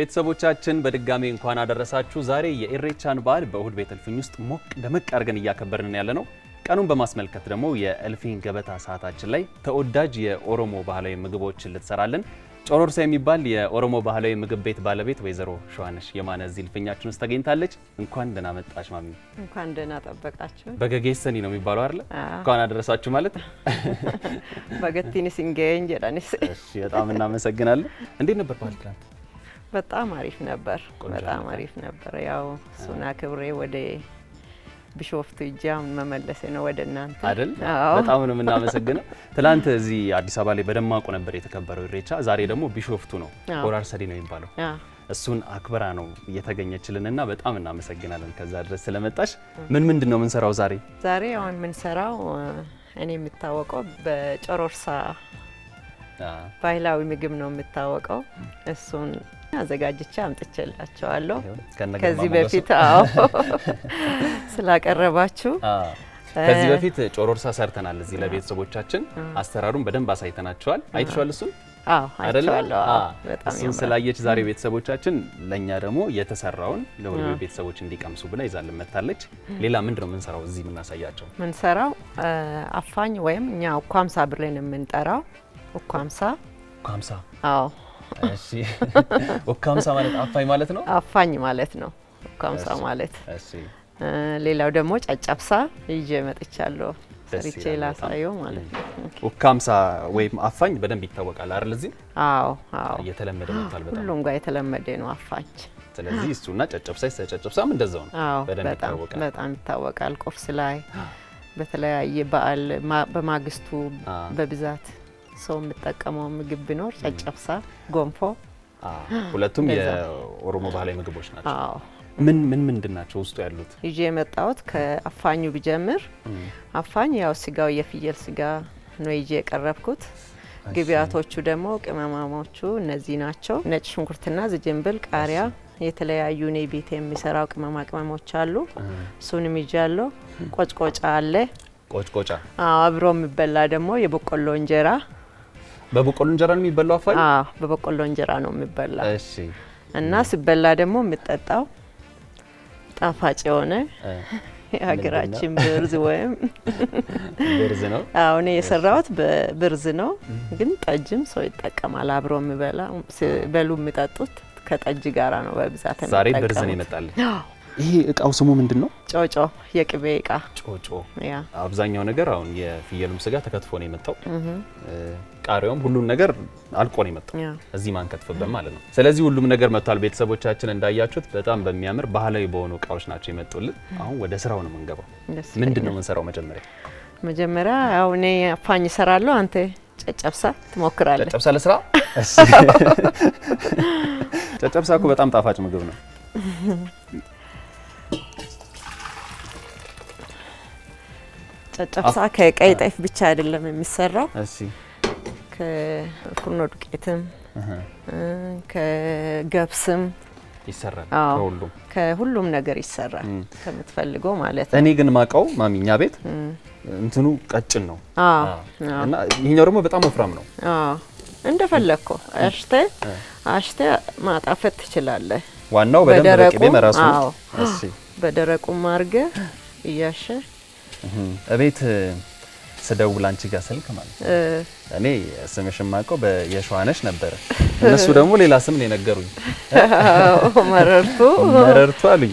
ቤተሰቦቻችን በድጋሚ እንኳን አደረሳችሁ። ዛሬ የኢሬቻን በዓል በእሁድ ቤት እልፍኝ ውስጥ ሞቅ ደመቅ አድርገን እያከበርን ያለ ነው። ቀኑን በማስመልከት ደግሞ የእልፍኝ ገበታ ሰዓታችን ላይ ተወዳጅ የኦሮሞ ባህላዊ ምግቦችን ልትሰራለን ጮሮርሳ የሚባል የኦሮሞ ባህላዊ ምግብ ቤት ባለቤት ወይዘሮ ሸዋነሽ የማነ እዚህ እልፍኛችን ውስጥ ተገኝታለች። እንኳን ደህና መጣሽ ማሚ። እንኳን ደህና ጠበቃችሁ። በገጌሰኒ ነው የሚባለው አይደለ? እንኳን አደረሳችሁ ማለት በገቲኒ ሲንገኝ ጀዳኒስ። በጣም እናመሰግናለን። እንዴት ነበር ባህል ትናንት? በጣም አሪፍ ነበር። በጣም አሪፍ ነበር። ያው እሱን አክብሬ ወደ ቢሾፍቱ እጃ መመለሴ ነው ወደ እናንተ አይደል? በጣም ነው የምናመሰግነው። ትላንት እዚህ አዲስ አበባ ላይ በደማቁ ነበር የተከበረው ኢሬቻ። ዛሬ ደግሞ ቢሾፍቱ ነው ሆራር ሰዲ ነው የሚባለው እሱን አክብራ ነው እየተገኘችልን እና በጣም እናመሰግናለን። ከዛ ድረስ ስለመጣሽ ምን ምንድን ነው የምንሰራው ዛሬ? ዛሬ አሁን የምንሰራው እኔ የምታወቀው በጨሮርሳ ባህላዊ ምግብ ነው የምታወቀው እሱን አዘጋጅቼ አምጥቼላቸዋለሁ። ከዚህ በፊት አዎ ስላቀረባችሁ ከዚህ በፊት ጮሮርሳ ሰርተናል። እዚህ ለቤተሰቦቻችን አሰራሩን በደንብ አሳይተናቸዋል። አይተሸዋል እሱን እሱን ስላየች ዛሬ ቤተሰቦቻችን ለእኛ ደግሞ የተሰራውን ለሁሉ ቤተሰቦች እንዲቀምሱ ብላ ይዛልን መታለች። ሌላ ምንድን ነው የምንሰራው? እዚህ የምናሳያቸው ምንሰራው አፋኝ ወይም እኛ ኳምሳ ብለን የምንጠራው ኳምሳ ኳምሳ አዎ እሺ ኦካምሳ ማለት አፋኝ ማለት ነው። አፋኝ ማለት ነው ኦካምሳ ማለት። እሺ ሌላው ደግሞ ጨጨብሳ ይዤ መጥቻለሁ። ሰርቼ ላሳየው ማለት ነው። ኦካምሳ ወይም አፋኝ በደንብ ይታወቃል አይደል? እዚህ አዎ፣ አዎ የተለመደ ነው። በጣም ሁሉም ጋር የተለመደ ነው አፋኝ። ስለዚህ እሱና ጨጨብሳ ጨጨብሳም እንደዛው ነው። በደንብ ይታወቃል፣ በጣም ይታወቃል። ቆፍስ ላይ በተለያየ በዓል በማግስቱ በብዛት ሰው የምጠቀመው ምግብ ቢኖር ጨጨብሳ፣ ጎንፎ ሁለቱም የኦሮሞ ባህላዊ ምግቦች ናቸው። ምን ምን ምንድን ናቸው ውስጡ ያሉት? ይዤ የመጣሁት ከአፋኙ ብጀምር፣ አፋኝ ያው ስጋው የፍየል ስጋ ነው ይዤ የቀረብኩት። ግብያቶቹ ደግሞ ቅመማሞቹ እነዚህ ናቸው። ነጭ ሽንኩርትና ዝንጅብል፣ ቃሪያ፣ የተለያዩ እኔ ቤት የሚሰራው ቅመማ ቅመሞች አሉ። እሱንም ይዣለሁ። ቆጭቆጫ አለ። ቆጭቆጫ አብሮ የሚበላ ደግሞ የበቆሎ እንጀራ በበቆሎ እንጀራ ነው የሚበላው። አፋይ አዎ፣ በበቆሎ እንጀራ ነው የሚበላው። እሺ። እና ሲበላ ደግሞ የሚጠጣው ጣፋጭ የሆነ የሀገራችን ብርዝ ወይም ብርዝ ነው። አዎ፣ እኔ የሰራሁት በብርዝ ነው፣ ግን ጠጅም ሰው ይጠቀማል አብሮ የሚበላ ሲበሉ የሚጠጡት ከጠጅ ጋራ ነው በብዛት። ዛሬ ብርዝ ነው ይመጣል። ይሄ እቃው ስሙ ምንድን ነው? ጮጮ የቅቤ እቃ ጮጮ። አብዛኛው ነገር አሁን የፍየሉም ስጋ ተከትፎ ነው የመጣው፣ ቃሪያውም ሁሉም ነገር አልቆ ነው የመጣው እዚህ ማንከትፍበት ማለት ነው። ስለዚህ ሁሉም ነገር መጥቷል። ቤተሰቦቻችን እንዳያችሁት በጣም በሚያምር ባህላዊ በሆኑ እቃዎች ናቸው የመጡልን። አሁን ወደ ስራው ነው የምንገባው። ምንድን ነው የምንሰራው? መጀመሪያ መጀመሪያ ያው እኔ አፋኝ እሰራለሁ፣ አንተ ጨጨብሳ ትሞክራለህ። ጨጨብሳ ለስራ ጨጨብሳ እኮ በጣም ጣፋጭ ምግብ ነው። ጨጨብሳ ከቀይ ጤፍ ብቻ አይደለም የሚሰራው። እሺ ከፉርኖ ዱቄትም ከገብስም ይሰራል። ከሁሉም ከሁሉም ነገር ይሰራል ከምትፈልገው ማለት ነው። እኔ ግን ማቀው ማሚኛ ቤት እንትኑ ቀጭን ነው እና ይሄኛው ደግሞ በጣም ወፍራም ነው። እንደፈለግከው አሽተ አሽተ ማጣፈት ትችላለህ። ዋናው በደረቁ በራሱ በደረቁ ማርገ እቤት ስደውል አንቺ ጋር ስልክ ማለት ነው። እኔ ስምሽ ማውቀው የሸዋነሽ ነበረ። እነሱ ደግሞ ሌላ ስም ነው የነገሩኝ። መረርቱ መረርቱ አሉኝ።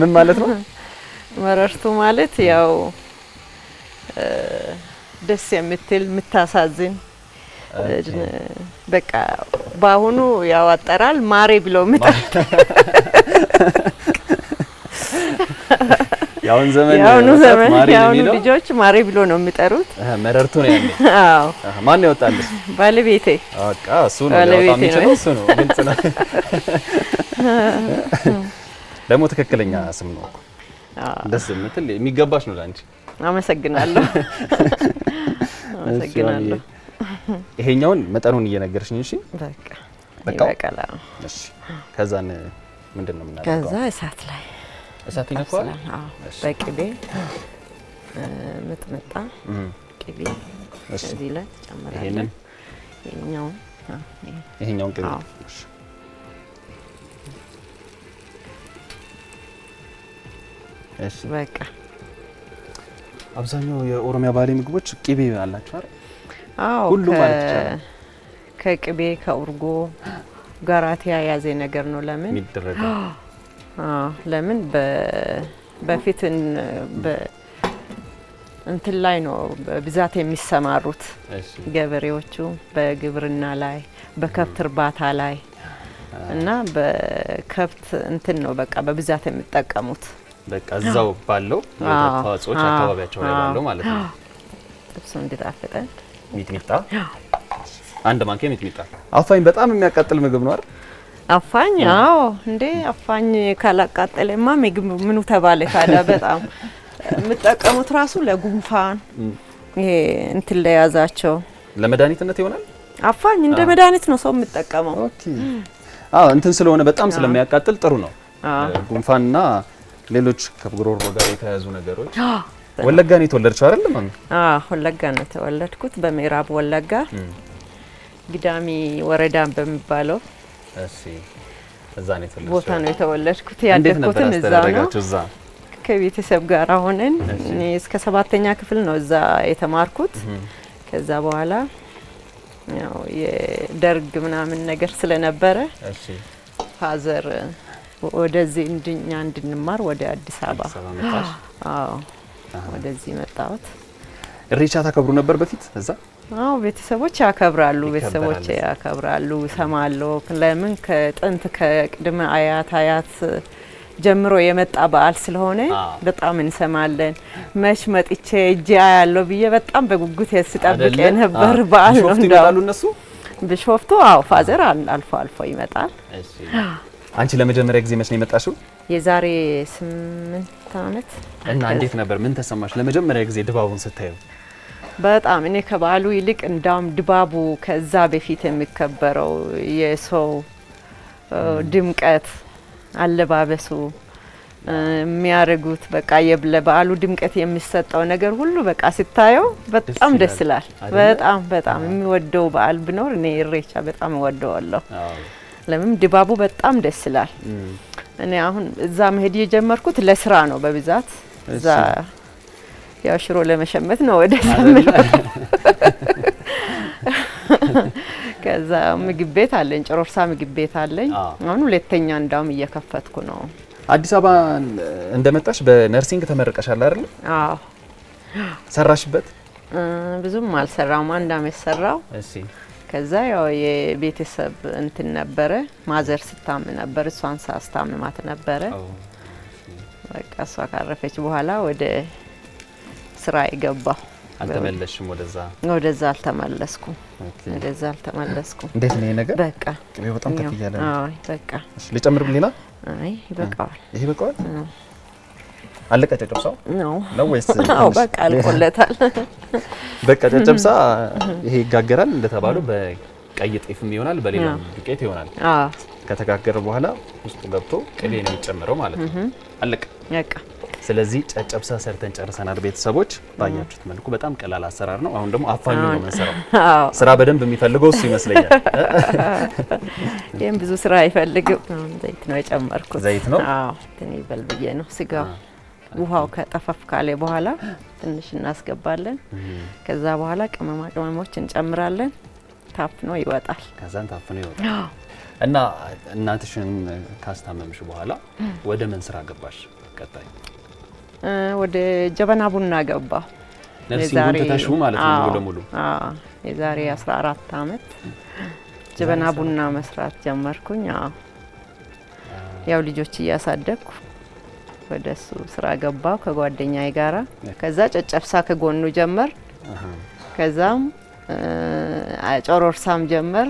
ምን ማለት ነው መረርቱ? ማለት ያው ደስ የምትል የምታሳዝን በቃ በአሁኑ ያው አጠራል ማሬ ብሎ ምጣ የአሁን ዘመን የአሁኑ ዘመን የአሁኑ ልጆች ማሬ ብሎ ነው የሚጠሩት። መረርቱ ነው ያለው። አዎ ማን ነው ያወጣልሽ? ባለቤቴ በቃ እሱ ነው ያወጣ የሚችለው እሱ ነው። ግልጽ ነው። ደግሞ ትክክለኛ ስም ነው እኮ ደስ የምትል የሚገባሽ ነው ለአንቺ። አመሰግናለሁ፣ አመሰግናለሁ። ይሄኛውን መጠኑን እየነገርሽኝ እሺ። በቃ በቃ። እሺ ከዛን ምንድን ነው የምናደርገው? ከዛ እሳት ላይ እሳት ይነኳል። በቅቤ ምጥምጣ ቅቤ እዚህ ላይ ጨምራለን። ይሄኛውን ይሄኛውን ቅቤ እሺ በቃ አብዛኛው የኦሮሚያ ባህላዊ ምግቦች ቅቤ አላቸው አይደል? አዎ፣ ሁሉ ማለት ከቅቤ ከእርጎ ጋር ተያያዘ ነገር ነው። ለምን ለምን በፊት እንትን ላይ ነው በብዛት የሚሰማሩት ገበሬዎቹ በግብርና ላይ በከብት እርባታ ላይ እና በከብት እንትን ነው በቃ በብዛት የሚጠቀሙት በቃ እዛው ባለው ተዋጽኦች አካባቢያቸው ላይ ባለው ማለት ነው። ጥብሱ እንዲጣፍጠን ሚጥሚጣ አንድ ማንኪያ ሚጥሚጣ አፋኝ በጣም የሚያቃጥል ምግብ ነው አይደል? አፋኝ አዎ፣ እንዴ አፋኝ ካላቃጠለማ ምግብ ምኑ ተባለ ታዲያ። በጣም የምጠቀሙት ራሱ ለጉንፋን ይሄ እንትን ለያዛቸው ለመድኃኒትነት ይሆናል። አፋኝ እንደ መድኃኒት ነው ሰው የምጠቀመው። አዎ፣ እንትን ስለሆነ በጣም ስለሚያቃጥል ጥሩ ነው። ጉንፋንና ሌሎች ከጉሮሮ ጋር የተያያዙ ነገሮች። ወለጋ ነው የተወለድሽው አይደል ማሚ? አዎ፣ ወለጋ ነው የተወለድኩት፣ በምዕራብ ወለጋ ግዳሚ ወረዳ በሚባለው እዛ ነው ቦታ ነው የተወለድኩት ያደግኩትም እዛ ነው ከቤተሰብ ጋር ሆነን እኔ እስከ ሰባተኛ ክፍል ነው እዛ የተማርኩት ከዛ በኋላ ያው የደርግ ምናምን ነገር ስለነበረ ፋዘር ወደዚህ እንድኛ እንድንማር ወደ አዲስ አበባ አዎ ወደዚህ መጣሁት እሬቻ ታከብሩ ነበር በፊት እዛ አዎ ቤተሰቦች ያከብራሉ። ቤተሰቦች ያከብራሉ ሰማለሁ። ለምን ከጥንት ከቅድመ አያት አያት ጀምሮ የመጣ በዓል ስለሆነ በጣም እንሰማለን። መች መጥቼ እጅ ያለው ብዬ በጣም በጉጉት ስጠብቅ የነበር በዓል ነው። ይመጣሉ እነሱ ብሾፍቱ። አዎ ፋዘር አልፎ አልፎ ይመጣል። አንቺ ለመጀመሪያ ጊዜ መች ነው የመጣሽው? የዛሬ ስምንት አመት እና እንዴት ነበር? ምን ተሰማሽ ለመጀመሪያ ጊዜ ድባቡን ስታዩ? በጣም እኔ ከበዓሉ ይልቅ እንዳውም ድባቡ ከዛ በፊት የሚከበረው የሰው ድምቀት፣ አለባበሱ የሚያደርጉት በቃ ለበዓሉ ድምቀት የሚሰጠው ነገር ሁሉ በቃ ስታየው በጣም ደስ ይላል። በጣም በጣም የሚወደው በዓል ብኖር እኔ ኢሬቻ በጣም እወደዋለሁ። ለምን ድባቡ በጣም ደስ ይላል። እኔ አሁን እዛ መሄድ የጀመርኩት ለስራ ነው በብዛት እዛ ያው ሽሮ ለመሸመት ነው ወደ ሳምሮ። ከዛ ምግብ ቤት አለኝ፣ ጭሮርሳ ምግብ ቤት አለኝ። አሁን ሁለተኛ እንዳውም እየከፈትኩ ነው። አዲስ አበባ እንደመጣሽ በነርሲንግ ተመረቀሻል አይደል? አዎ። ሰራሽበት? ብዙም አልሰራውም፣ አንድ አመት ሰራው። እሺ። ከዛ ያው የቤተሰብ እንትን ነበረ፣ ማዘር ስታም ነበር፣ እሷን ሳስታምማት ነበረ። በቃ እሷ ካረፈች በኋላ ወደ ስራ የገባው። አልተመለሽም? ወደዛ? ወደዛ አልተመለስኩም። ወደዛ አልተመለስኩም። እንዴት ነው ይሄ ነገር? በቃ ቅቤ በጣም ከፍ እያለ ነው። አይ በቃ ልጨምርም ሌላ? አይ ይበቃዋል። ይሄ ይበቃዋል። አለቀ። ጨጨብሳ ነው ነው ወይስ? አዎ በቃ አልቆለታል። በቃ ጨጨብሳ ይሄ ይጋገራል እንደተባለው በቀይ ጤፍም ይሆናል በሌላ ዱቄት ይሆናል። አዎ ከተጋገረ በኋላ ውስጡ ገብቶ ቅቤ ነው የሚጨምረው ማለት ነው። አለቀ በቃ ስለዚህ ጨጨብሳ ሰርተን ጨርሰናል። ቤተሰቦች ባያችሁት መልኩ በጣም ቀላል አሰራር ነው። አሁን ደግሞ አፋኙ ነው የምንሰራው። ስራ በደንብ የሚፈልገው እሱ ይመስለኛል። ይህም ብዙ ስራ አይፈልግም። ዘይት ነው የጨመርኩት። ዘይት ነው ይበል ብዬ ነው። ስጋው ውሃው ከጠፈፍ ካለ በኋላ ትንሽ እናስገባለን። ከዛ በኋላ ቅመማ ቅመሞች እንጨምራለን። ታፍኖ ይወጣል። ከዛን ታፍኖ ይወጣል እና እናትሽን ካስታመምሽ በኋላ ወደ ምን ስራ ገባሽ ቀጣይ? ወደ ጀበና ቡና ገባ። ነርሲንጉን ትተሹ ማለት ነው ሙሉ ለሙሉ? አዎ የዛሬ 14 አመት ጀበና ቡና መስራት ጀመርኩኝ። አዎ ያው ልጆች እያሳደግኩ ወደ እሱ ስራ ገባው ከጓደኛዬ ጋራ። ከዛ ጨጨብሳ ከጎኑ ጀመር። ከዛም ጮሮርሳም ጀመር።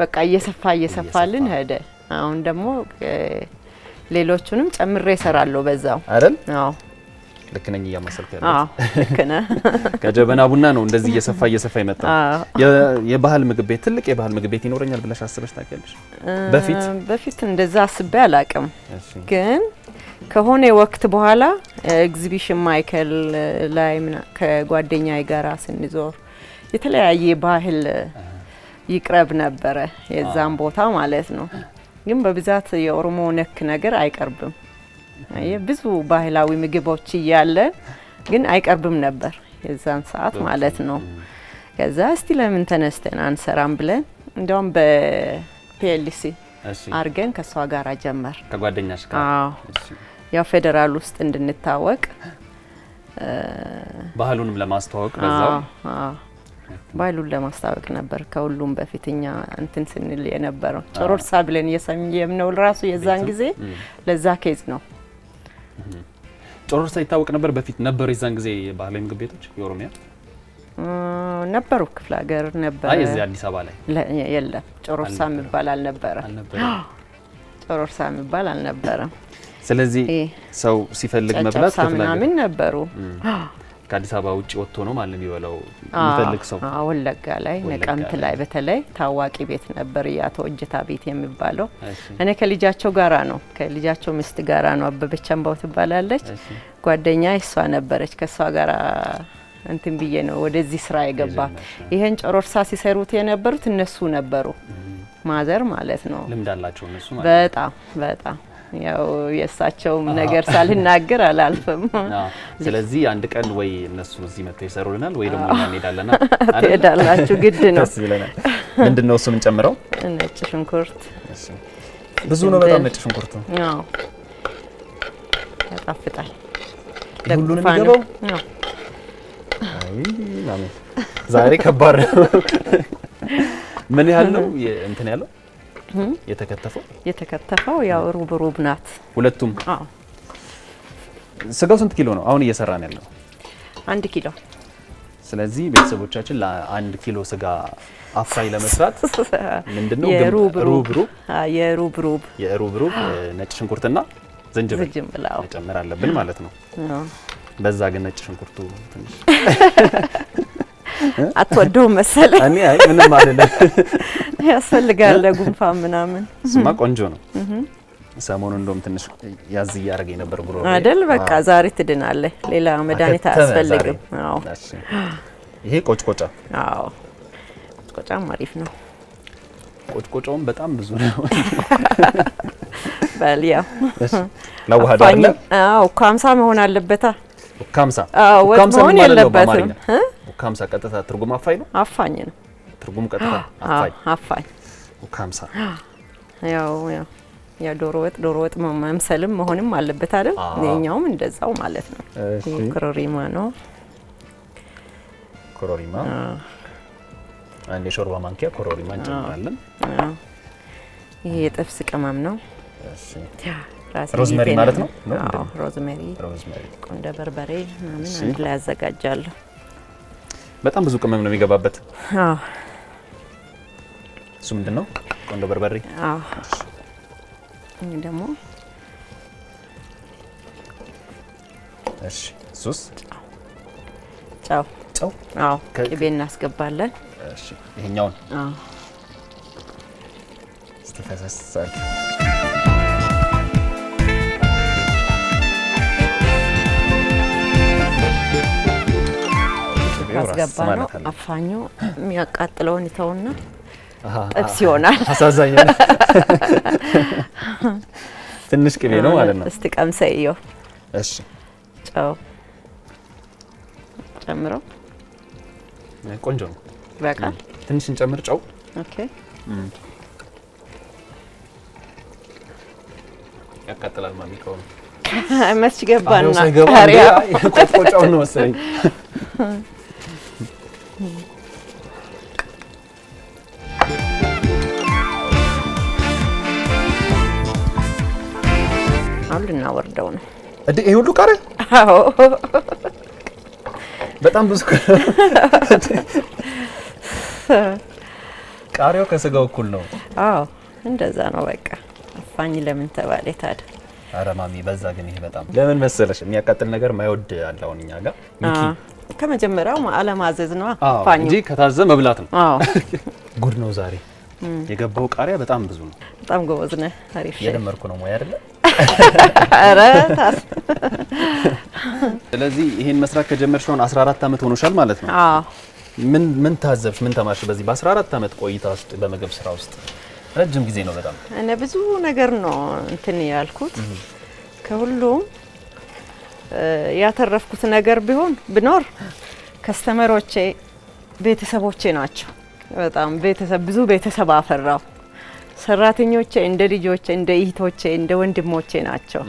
በቃ እየሰፋ እየሰፋልን ሄደ። አሁን ደግሞ ሌሎቹንም ጨምሬ እሰራለሁ በዛው አይደል? አዎ ልክ ነኝ እያማሰልክ ያለሁት ከጀበና ቡና ነው እንደዚህ እየሰፋ እየሰፋ ይመጣ። የባህል ምግብ ቤት ትልቅ የባህል ምግብ ቤት ይኖረኛል ብለሽ አስበሽ ታውቂያለሽ? በፊት በፊት እንደዛ አስቤ አላቅም፣ ግን ከሆነ ወቅት በኋላ ኤግዚቢሽን ማዕከል ላይ ከጓደኛ ጋራ ስንዞር የተለያየ ባህል ይቅረብ ነበረ፣ የዛም ቦታ ማለት ነው። ግን በብዛት የኦሮሞ ነክ ነገር አይቀርብም ብዙ ባህላዊ ምግቦች እያለ ግን አይቀርብም ነበር የዛን ሰዓት ማለት ነው። ከዛ እስቲ ለምን ተነስተን አንሰራም ብለን እንዲያውም በፒኤልሲ አድርገን ከእሷ ጋር ጀመር ከጓደኛሽ ጋር ያው ፌዴራል ውስጥ እንድንታወቅ ባህሉንም ለማስተዋወቅ በዛው ባህሉን ለማስታወቅ ነበር። ከሁሉም በፊት እኛ እንትን ስንል የነበረው ጮሮርሳ ብለን የምነውል ራሱ የዛን ጊዜ ለዛ ኬዝ ነው ጮሮርሳ ይታወቅ ነበር በፊት ነበር። የዛን ጊዜ ባህላዊ ምግብ ቤቶች የኦሮሚያ ነበሩ፣ ክፍለ ሀገር ነበር። አይ እዚህ አዲስ አበባ ላይ የለም። ጮሮርሳ የሚባል አልነበረ፣ ጮሮርሳ የሚባል አልነበረም። ስለዚህ ሰው ሲፈልግ መብላት ምናምን ነበሩ። ከአዲስ አበባ ውጭ ወጥቶ ነው ማለት የሚበላው የሚፈልግ ሰው። ወለጋ ላይ ነቀምት ላይ በተለይ ታዋቂ ቤት ነበር የአቶ እጀታ ቤት የሚባለው። እኔ ከልጃቸው ጋራ ነው ከልጃቸው ሚስት ጋራ ነው አበበች አምባው ትባላለች ጓደኛ እሷ ነበረች። ከእሷ ጋራ እንትን ብዬ ነው ወደዚህ ስራ የገባ። ይህን ጨሮርሳ ሲሰሩት የነበሩት እነሱ ነበሩ ማዘር ማለት ነው። ልምድ አላቸው እነሱ በጣም በጣም ያው የእሳቸውም ነገር ሳልናገር አላልፍም። ስለዚህ አንድ ቀን ወይ እነሱ እዚህ መጥተው ይሰሩልናል ወይ ደግሞ እኛ እንሄዳለና ትሄዳላችሁ፣ ግድ ነው። ደስ ይለናል። ምንድን ነው እሱ የምንጨምረው? ነጭ ሽንኩርት ብዙ ነው፣ በጣም ነጭ ሽንኩርት ነው። ያጣፍጣል። ሁሉንም ይገባው። አይ ዛሬ ከባድ ነው። ምን ያህል ነው እንትን ያለው የተከተፈው የተከተፈው ያው ሩብ ሩብ ናት ሁለቱም። አዎ ስጋው ስንት ኪሎ ነው አሁን እየሰራን ያለው? አንድ ኪሎ። ስለዚህ ቤተሰቦቻችን ለአንድ ኪሎ ስጋ አፍራይ ለመስራት ምንድነው የሩብ ሩብ የሩብ ሩብ የሩብ ሩብ ነጭ ሽንኩርትና ዝንጅብል መጨመር አለብን ማለት ነው። በዛ ግን ነጭ ሽንኩርቱ ትንሽ አትወደውም መሰለ እኔ አይ ምንም አይደለም፣ ያስፈልጋል ለጉንፋን ምናምን። ስማ ቆንጆ ነው። ሰሞኑን እንደውም ትንሽ ያዝ እያደረገኝ ነበር ጉሮሮ አይደል። በቃ ዛሬ ትድናለህ፣ ሌላ መድኃኒት አያስፈልግም። አዎ ይሄ ቆጭቆጫ። አዎ ቆጭቆጫም አሪፍ ነው። ቆጭቆጫውም በጣም ብዙ ነው። በልያ ያው ላዋህድ አይደል? አዎ ከሀምሳ መሆን አለበታ። ከሀምሳ አዎ ወጥ መሆን የለበትም። ኡካምሳ ቀጥታ ትርጉም አፋኝ ነው። አፋኝ ነው ትርጉም ቀጥታ አፋኝ አፋኝ ኡካምሳ ያው ያው ያ ዶሮ ወጥ ዶሮ ወጥ መምሰልም መሆንም አለበት አይደል? የኛውም እንደዛው ማለት ነው። ክሮሪማ ነው ኮሮሪማ አንድ የሾርባ ማንኪያ ኮሮሪማ እንጨምራለን። ይሄ የጥብስ ቅመም ነው። ሮዝመሪ ማለት ነው። ሮዝመሪ፣ ቁንደ በርበሬ ምናምን አንድ ላይ ያዘጋጃለሁ። በጣም ብዙ ቅመም ነው የሚገባበት። እሱ ምንድን ነው? ቆንዶ በርበሬ። ይህ ደግሞ እሱስ ጨው ጨው። ቅቤ እናስገባለን። ይሄኛውን እስቲ ካስገባ ነው አፋኙ የሚያቃጥለውን ይተውና ጥብስ ይሆናል። አሳዛኝ ትንሽ ቅቤ ነው ማለት ነው። እስቲ ቀምሰየው። እሺ ጨው ጨምሮ ቆንጆ ነው። በቃ ትንሽ እንጨምር ጨው። ኦኬ ያቃጥላል። ማሚ ከሆነ መስች ገባና ቆጮ ነው መሰለኝ አሁን ልናወርደው ነው እንዴ? ይሄ ሁሉ ቃሪያ? አዎ፣ በጣም ብዙ ቃሪያው ከስጋው እኩል ነው። አዎ፣ እንደዛ ነው። በቃ አፋኝ ለምን ተባለ ታዲያ? አረ ማሚ በዛ። ግን ይሄ በጣም ለምን መሰለሽ የሚያቃጥል ነገር ማይወድ አለ። አሁን እኛ ጋር ሚኪ ከመጀመሪያው አለማዘዝ ነው እንጂ ከታዘ መብላት ነው። ጉድ ነው ዛሬ የገባው ቃሪያ በጣም ብዙ ነው። በጣም ጎበዝ ነህ። አሪፍ እየደመርኩ ነው ሙያ አይደለ? ኧረ ታስ ስለዚህ ይሄን መስራት ከጀመርሽ አሁን 14 ዓመት ሆኖሻል ማለት ነው? አዎ። ምን ምን ታዘብሽ? ምን ተማርሽ? በዚህ በ14 ዓመት ቆይታ ውስጥ በምግብ ስራ ውስጥ ረጅም ጊዜ ነው በጣም። እኔ ብዙ ነገር ነው እንትን ያልኩት ከሁሉም ያተረፍኩት ነገር ቢሆን ብኖር ከስተመሮቼ ቤተሰቦቼ ናቸው። በጣም ቤተሰብ ብዙ ቤተሰብ አፈራው። ሰራተኞቼ እንደ ልጆቼ፣ እንደ እህቶቼ፣ እንደ ወንድሞቼ ናቸው።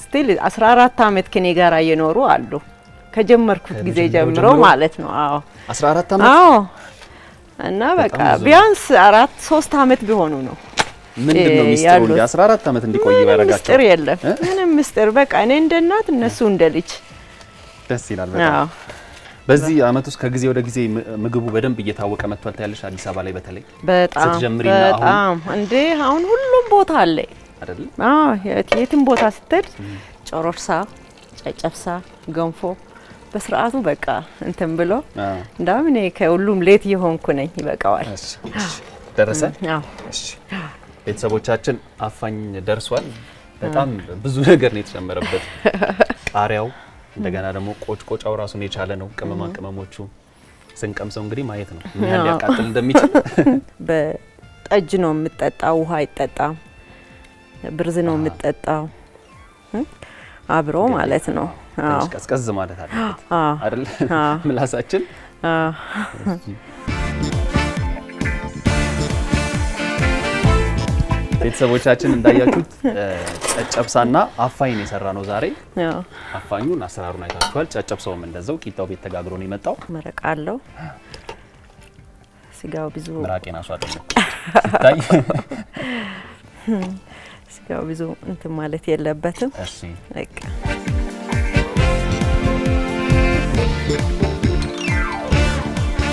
ስቲል 14 አመት ከኔ ጋር እየኖሩ አሉ። ከጀመርኩት ጊዜ ጀምሮ ማለት ነው። አዎ 14 አመት። አዎ እና በቃ ቢያንስ አራት ሶስት አመት ቢሆኑ ነው ምንድን ነው ሚስጥሩ? እንደ 14 ዓመት እንዲቆይ ያደረጋቸው ሚስጥር የለም። ምንም ሚስጥር በቃ እኔ እንደ እናት፣ እነሱ እንደ ልጅ። ደስ ይላል በጣም። በዚህ አመት ውስጥ ከጊዜ ወደ ጊዜ ምግቡ በደንብ እየታወቀ መጥቷል ታያለሽ። አዲስ አበባ ላይ በተለይ በጣም በጣም እንዴ፣ አሁን ሁሉም ቦታ አለ አይደል? አዎ፣ የትም ቦታ ስትሄድ ጮሮርሳ፣ ጨጨብሳ፣ ገንፎ በስርዓቱ በቃ እንትን ብሎ እንዳውም እኔ ከሁሉም ሌት እየሆንኩ ነኝ። ይበቃዋል። ደረሰ። እሺ ቤተሰቦቻችን አፋኝ ደርሷል። በጣም ብዙ ነገር ነው የተጨመረበት። ቃሪያው እንደገና ደግሞ ቆጭቆጫው ራሱን የቻለ ነው። ቅመማ ቅመሞቹ ስንቀምሰው እንግዲህ ማየት ነው ምን ያህል ሊያቃጥል እንደሚችል። በጠጅ ነው የምጠጣው፣ ውሃ አይጠጣም። ብርዝ ነው የምጠጣው አብሮ ማለት ነው። ቀዝቀዝ ማለት አለበት አይደል ምላሳችን ቤተሰቦቻችን እንዳያችሁት ጨጨብሳና አፋኝን የሰራ ነው ዛሬ። አፋኙን አሰራሩን አይታችኋል። ጨጨብሳውም እንደዛው ቂጣው ቤት ተጋግሮ ነው የመጣው። መረቃ አለው። ስጋው ብዙ ምራቄን አሷ ሲታይ ስጋው ብዙ እንትን ማለት የለበትም። እሺ በቃ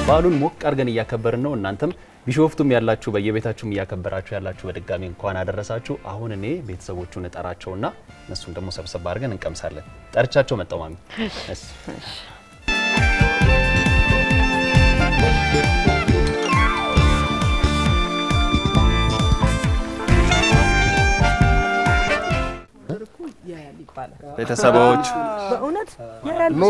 በዓሉን ሞቅ አድርገን እያከበርን ነው። እናንተም ቢሾፍቱም ያላችሁ በየቤታችሁም እያከበራችሁ ያላችሁ በድጋሚ እንኳን አደረሳችሁ። አሁን እኔ ቤተሰቦቹን እጠራቸውና እነሱን ደግሞ ሰብሰብ አድርገን እንቀምሳለን። ጠርቻቸው ማሚ ቤተሰቦች በእውነት ኖ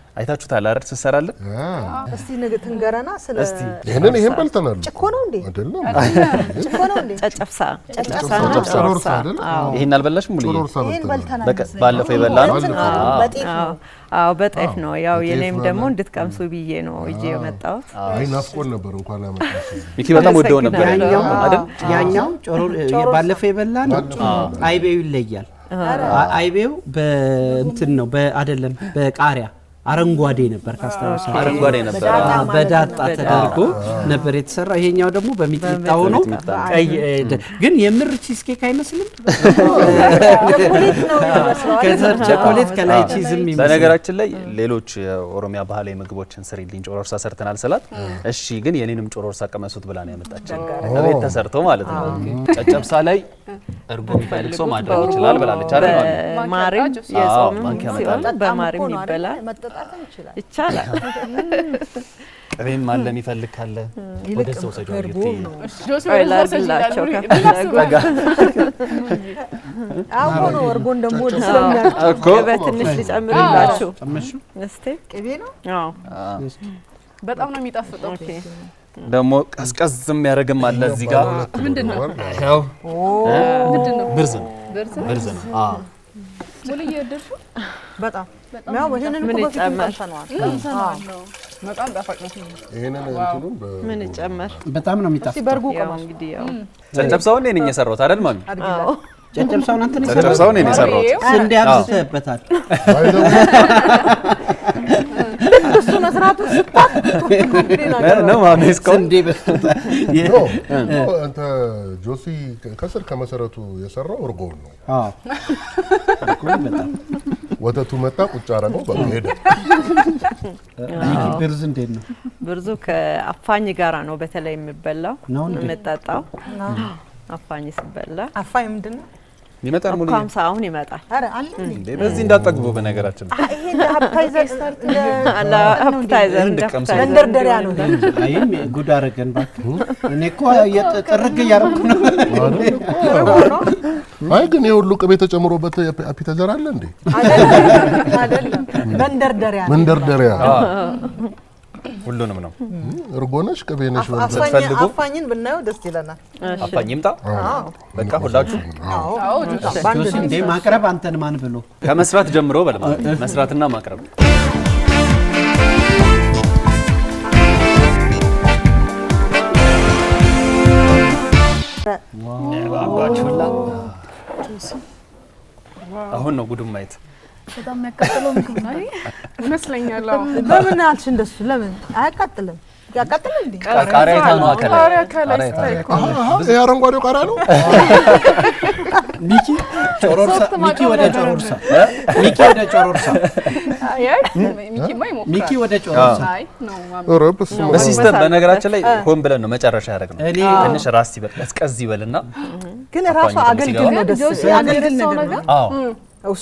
አይታችሁታል አይደል? ትሰራለን። እስቲ ነገ ትንገረና ስለ እስቲ ይሄንን ይሄን በልተናል። ጭኮ ነው እንዴ? አይደለም ጭኮ ነው እንዴ? ጨጨብሳ ጨጨብሳ ጨጨብሳ አይደለም። ይሄን አልበላሽም? ሙሉ ይሄን በልተናል። በቃ ባለፈው የበላ ነው። አዎ በጤፍ ነው። ያው የኔም ደግሞ እንድትቀምሱ ብዬ ነው እጄ የመጣሁት። አይ ናፍቆን ነበር። እንኳን አመጣሽ ሚኪ፣ በጣም ወደው ነበር ያኛው አይደል? ያኛው ጮሮ ባለፈው የበላ ነው። አይቤው ይለያል። አይቤው በእንትን ነው በአይደለም በቃሪያ አረንጓዴ ነበር ካስታወሰ አረንጓዴ ነበር። በዳጣ ተደርጎ ነበር የተሰራ። ይሄኛው ደግሞ በሚጥሚጣ ሆኖ ግን የምር ቺዝ ኬክ አይመስልም። ከዘር ቸኮሌት ከላይ ቺዝም ይመስል። በነገራችን ላይ ሌሎች የኦሮሚያ ባህላዊ ምግቦችን ስሪልኝ ጮሮርሳ ሰርተናል ስላት፣ እሺ ግን የኔንም ጮሮርሳ ቀመሱት ብላ ነው ያመጣችን። ቤት ተሰርቶ ማለት ነው ጨጨብሳ ላይ እርጎ የሚፈልግ ሰው ማድረግ ይችላል ብላለች አይደል? ማሪም የጾም ሲሆን በማሪም ይበላል ይችላል፣ ይቻላል። ቅቤም አለ የሚፈልግ ካለ ወደዛ ውሰዱ። ነው እርጎን እንደሞ ቅቤ በትንሽ ሊጨምርላችሁ። ቅቤ ነው፣ በጣም ነው የሚጣፍጠው። ደግሞ ቀዝቀዝ የሚያደርግም አለ እዚህ ጋር ምንድነው? ብርዝ ነው ብርዝ ነው። በጣም ነው እኔ ነኝ የሰራሁት አይደል ማሚ? ጨጨብሳውን አንተ የሰራሁት። ስንዴ አብዝተህበታል። ጆሲ ከስር ከመሰረቱ የሰራው እርጎውን ነው። ወተቱ መጣ፣ ቁጭ አደረገው፣ በቃ ሄደ። ብርዙ እንዴት ነው? ብርዙ ከአፋኝ ጋራ ነው በተለይ የሚበላው የምጠጣው። አፋኝ ሲበላ አፋኝ ምንድን ነው? ይመጣል ሙሉ ካምሳ አሁን ይመጣል። አረ አለ እንዴ! በዚህ እንዳጠግቡ በነገራችን ላይ ይሄ ስታርት አፕታይዘር ሰርት ለአፕታይዘር እንደርደሪያ ነው። አይም ጉድ አረገን እባክህ። እኔ እኮ ጥርግ እያረኩ ነው። አይ ግን ይሄ ሁሉ ቅቤ ተጨምሮበት አፒታይዘር አለ እንዴ? አይደለም አይደለም፣ መንደርደሪያ መንደርደሪያ ሁሉንም ነው። እርጎ ነሽ፣ ቅቤ ነሽ። ስትፈልጉ አፋኝን ብናየው ደስ ይለናል። አፋኝ ይምጣ። በቃ ሁላችሁ እንዴ ማቅረብ አንተን ማን ብሎ ከመስራት ጀምሮ በልማ መስራትና ማቅረብ አሁን ነው ጉዱም ማየት በጣም የሚያቃጥለው ምግብ ነው ይመስለኛል። በምን አልሽ? እንደሱ ለምን አያቃጥልም? ያቃጥል እንዴ? ቃሪያ አረንጓዴው ቃሪያ ነው። ሚኪ ጮሮርሳ ሚኪ ወደ ጮሮርሳ ሚኪ ወደ ጮሮርሳ ሚኪ ወደ ጮሮርሳ በሲስተም በነገራችን ላይ ሆን ብለን ነው መጨረሻ ያደረግነው። እኔ ትንሽ ራስ ይበል ቀዝቀዝ ይበልና ግን ራሱ አገልግል ነው ደስ አገልግል ነው አዎ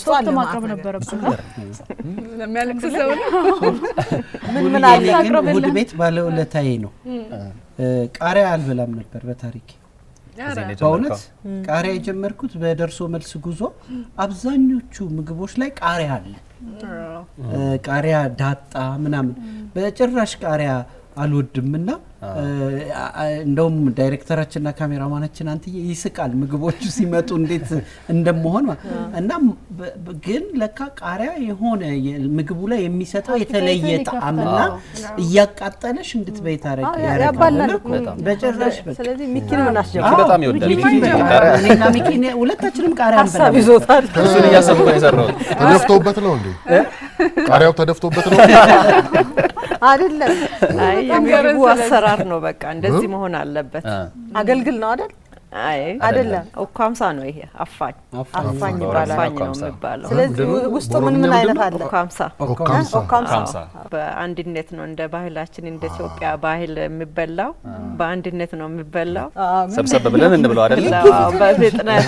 ሶፍት ማቅረብ ምን ምን አለ ግን እሑድ ቤት ባለውለታዬ ነው። ቃሪያ አልበላም ነበር በእውነት ቃሪያ የጀመርኩት በደርሶ መልስ ጉዞ አብዛኞቹ ምግቦች ላይ ቃሪያ አለ። ቃሪያ ዳጣ ምናምን በጭራሽ ቃሪያ አልወድምና እንደውም ዳይሬክተራችንና ካሜራማናችን አንተ ይስቃል ምግቦቹ ሲመጡ እንዴት እንደመሆን እና ግን ለካ ቃሪያ የሆነ ምግቡ ላይ የሚሰጠው የተለየ ጣዕምና እያቃጠለሽ እንድትበይ ታረግ ያባላል። በጭራሽ ሚኪን ሁለታችንም ቃሪያ ሀሳብ እያሰብኩ የሰራው ተደፍቶበት ነው እንዴ? ቃሪያው ተደፍቶበት ነው አይደለም። አይ አሰራ አሰራር ነው። በቃ እንደዚህ መሆን አለበት። አገልግል ነው አይደል? አይ አይደለም፣ ኡካምሳ ነው ይሄ። አፋኝ አፋኝ ይባላል ነው የሚባለው። ስለዚህ ውስጡ ምን ምን አይነት አለ? ኡካምሳ ኡካምሳ በአንድነት ነው እንደ ባህላችን እንደ ኢትዮጵያ ባህል የሚበላው በአንድነት ነው የሚበላው። ሰብሰብ ብለን እንብለው አይደል? በፍጥነት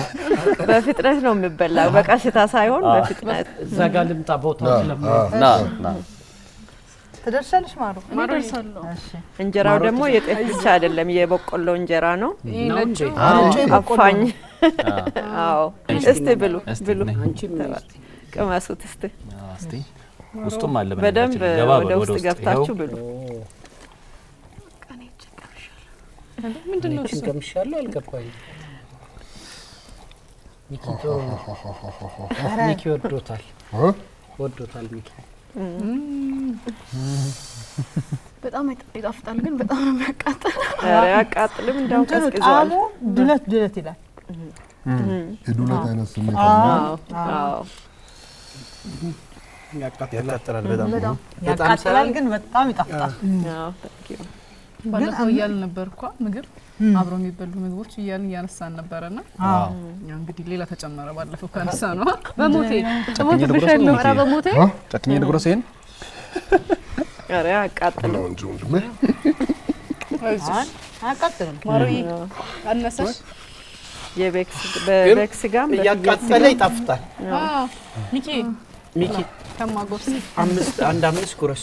በፍጥነት ነው የሚበላው፣ በቀስታ ሳይሆን በፍጥነት። እዛ ጋር ልምጣ ቦታው ስለምና ትደርሻለሽ ማሩ? እደርሳለሁ። እንጀራው ደግሞ የጤፍ ብቻ አይደለም፣ የበቆሎ እንጀራ ነው። አፋኝ። አዎ፣ እስቲ ብሉ ብሉ፣ ቅመሱት እስቲ። ውስጡም አለ በደንብ ወደ ውስጥ ገብታችሁ ብሉ። ምንድን ነው ቀምሻለሁ? ሚኪ ወዶታል፣ ወዶታል ሚኪ በጣም ይጣፍጣል፣ ግን በጣም ነው የሚያቃጥል። አያቃጥልም፣ እንዳው ቀዝቅዟል። ድለት ድለት ይላል። የዱለት አይነት ስሜት ያቃጥላል፣ በጣም ያቃጥላል፣ ግን በጣም ይጣፍጣል። ባለፈው እያል ነበር እኳ ምግብ አብሮ የሚበሉ ምግቦች እያልን እያነሳን ነበረ ና እንግዲህ ሌላ ተጨመረ። ባለፈው ከነሳ ነው በሞቴ ጨሞት በሞቴ ጨክኜ ንጉረሴን አቃጥለው አቃጥለው አነሳሽ እያቃጠለ ይጣፍጣል። ሚኪ ሚኪ ከማጎርስ አንድ አምስት ጉረስ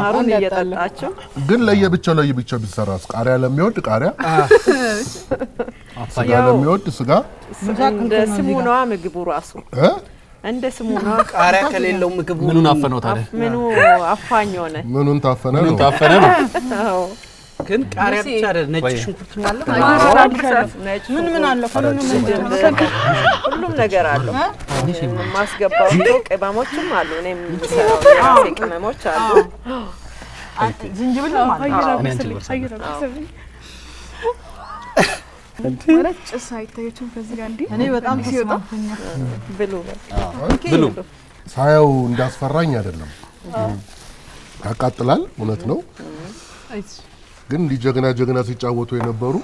ማሩን እየጠላቸው ግን ለየብቻው ለየብቻው ቢሰራስ? ቃሪያ ለሚወድ ቃሪያ፣ ስጋ ለሚወድ ስጋ። እንደ ስሙ ነዋ ምግቡ ራሱ እንደ ስሙ ነው። ቃሪያ ከሌለው ምግቡ ምኑን አፈነው ታዲያ? ምኑ አፋኝ ሆነ? ምኑን ታፈነ ነው? ግን ቃሪያ ብቻ አይደል፣ ነጭ ሽንኩርትም አለ። ምን ምን አለ? ሁሉም ነገር አለው። ማስገባው ቅመሞችም አሉ። እኔም ቅመሞች አሉ። ዝንጅብል ማለት ጭስ አይታየችም ከዚህ ጋር እንዲህ እኔ በጣም ሲወጣ ብሉ ብሉ እንዳስፈራኝ አይደለም፣ ያቃጥላል። እውነት ነው። ግን ሊጀግና ጀግና ሲጫወቱ የነበሩ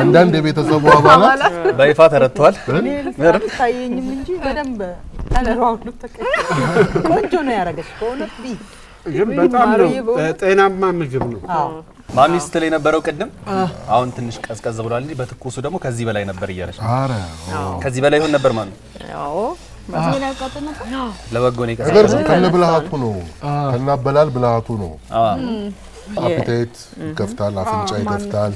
አንዳንድ የቤተሰቡ አባላት በይፋ ተረድተዋል። ታየኝም እንጂ በደንብ ቆንጆ ነው ያደረገች። በእውነት ግን በጣም ነው ጤናማ ምግብ ነው። ማሚ ስትል የነበረው ቅድም አሁን ትንሽ ቀዝቀዝ ብሏል እንጂ በትኩሱ ደግሞ ከዚህ በላይ ነበር እያለች ከዚህ በላይ ይሆን ነበር ማሚ ለበጎ ከነ ብልሃቱ ነው። ከነ አበላል ብልሃቱ ነው። አፒታይት ይከፍታል፣ አፍንጫ ይከፍታል፣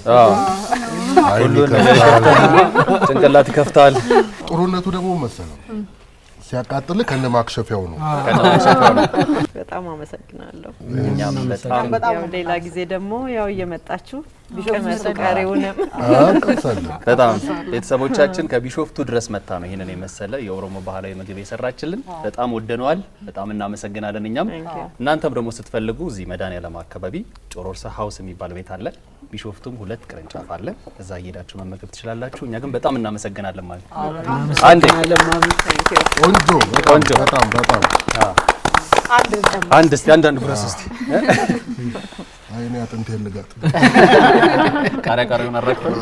ጭንቅላት ይከፍታል። ጥሩነቱ ደግሞ መሰለው ሲያቃጥል ከነ ማክሸፊያው ነው። በጣም አመሰግናለሁ። በጣም ሌላ ጊዜ ደግሞ ያው እየመጣችሁ ቢሾፍቱ ቀሪውንም በጣም ቤተሰቦቻችን ከቢሾፍቱ ድረስ መታ ነው ይህንን የመሰለ የኦሮሞ ባህላዊ ምግብ የሰራችልን በጣም ወደነዋል። በጣም እናመሰግናለን። እኛም እናንተም ደግሞ ስትፈልጉ እዚህ መድኃኔዓለም አካባቢ ጮሮርሳ ሀውስ የሚባል ቤት አለ ቢሾፍቱም ሁለት ቅርንጫፍ አለ። እዛ እየሄዳችሁ መመገብ ትችላላችሁ። እኛ ግን በጣም እናመሰግናለን ማለት አንድ አንዳንድ ጉረስ ውስጥ አይኔ አጥንቴ ልጋጥ ቃሪያ ቃሪያውን አረግተው